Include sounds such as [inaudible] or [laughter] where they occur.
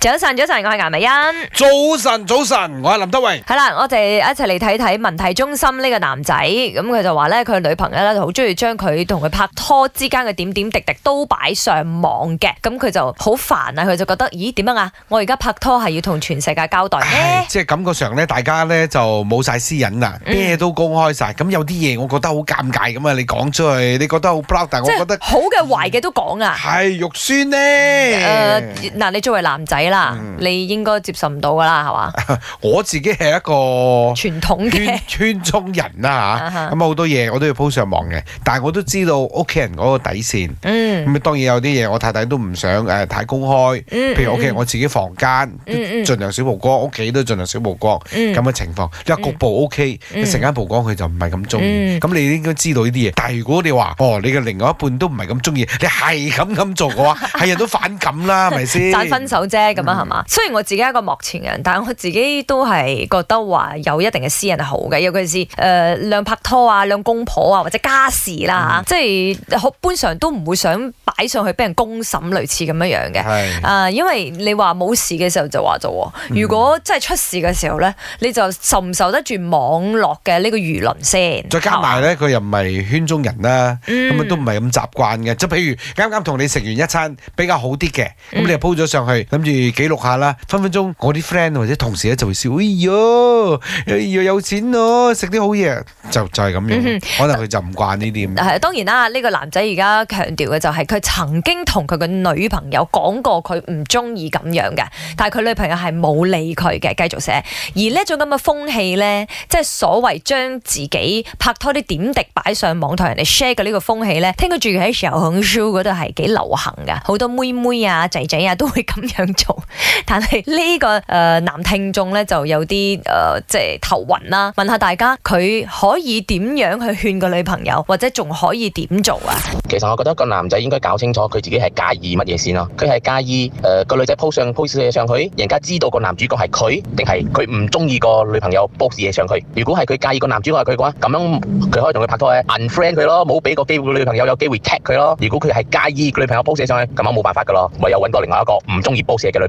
早晨，早晨，我係顏美欣。早晨，早晨，我係林德榮。係啦，我哋一齊嚟睇睇文體中心呢個男仔，咁佢就話咧，佢女朋友咧就好中意將佢同佢拍拖之間嘅點點滴滴都擺上網嘅，咁佢就好煩啊，佢就覺得，咦，點樣啊？我而家拍拖係要同全世界交代咧？即係感覺上咧，大家咧就冇晒私隱啊，咩都公開晒，咁有啲嘢我覺得好尷尬咁啊，你講出去，你覺得好 block？但係我覺得好嘅、壞嘅都講啊。係肉酸咧。誒，嗱，你作為男仔啊。嗱、嗯，你應該接受唔到噶啦，係嘛？ [laughs] 我自己係一個圈傳統嘅圈中人啦、啊，嚇咁好多嘢我都要鋪上網嘅，但係我都知道屋企人嗰個底線，咁、嗯、啊當然有啲嘢我太太都唔想誒、呃、太公開，譬、嗯、如屋、OK，企、嗯、我自己房間，儘量少曝光，屋、嗯、企、嗯、都儘量少曝光咁嘅、嗯、情況。一、嗯、局部 O K，一成間曝光佢就唔係咁中意。咁、嗯、你應該知道呢啲嘢，但係如果你話哦，你嘅另外一半都唔係咁中意，你係咁咁做嘅話，係 [laughs] 人都反感啦，係咪先？分手啫～咁啊，係嘛？雖然我自己係一個幕前人，但係我自己都係覺得話有一定嘅私隱係好嘅，尤其是誒、呃、兩拍拖啊、兩公婆啊或者家事啦、啊嗯、即係好通常都唔會想擺上去俾人公審類似咁樣樣嘅。係啊、呃，因為你話冇事嘅時候就話啫喎，如果真係出事嘅時候咧、嗯，你就受唔受得住網絡嘅呢個輿論先？再加埋咧，佢又唔係圈中人啦、啊，咁、嗯、啊都唔係咁習慣嘅。即係譬如啱啱同你食完一餐比較好啲嘅，咁你又鋪咗上去，諗住。記錄下啦，分分鐘我啲 friend 或者同事咧就會笑，哎呀，又、哎、有錢咯、啊，食啲好嘢，就就係、是、咁樣、嗯，可能佢就唔慣呢啲、嗯。係當然啦，呢、這個男仔而家強調嘅就係佢曾經同佢嘅女朋友講過佢唔中意咁樣嘅，但係佢女朋友係冇理佢嘅，繼續寫。而呢一種咁嘅風氣咧，即係所謂將自己拍拖啲點滴擺上網同人哋 share 嘅呢個風氣咧，聽佢住喺時候 show 度係幾流行㗎，好多妹妹啊、仔仔啊都會咁樣做。但係呢個誒男聽眾咧就有啲誒即係頭暈啦，問下大家佢可以點樣去勸個女朋友，或者仲可以點做啊？其實我覺得個男仔應該搞清楚佢自己係介意乜嘢先咯。佢係介意誒個女仔 post 上 post 嘢上去，人家知道個男主角係佢，定係佢唔中意個女朋友 post 嘢上去？如果係佢介意個男主角係佢嘅話，咁樣佢可以同佢拍拖咧，unfriend 佢咯，冇俾個機會個女朋友有機會 tag 佢咯。如果佢係介意個女朋友 post 嘢上去，咁樣冇辦法噶咯，唯有搵多另外一個唔中意 post 嘢嘅女。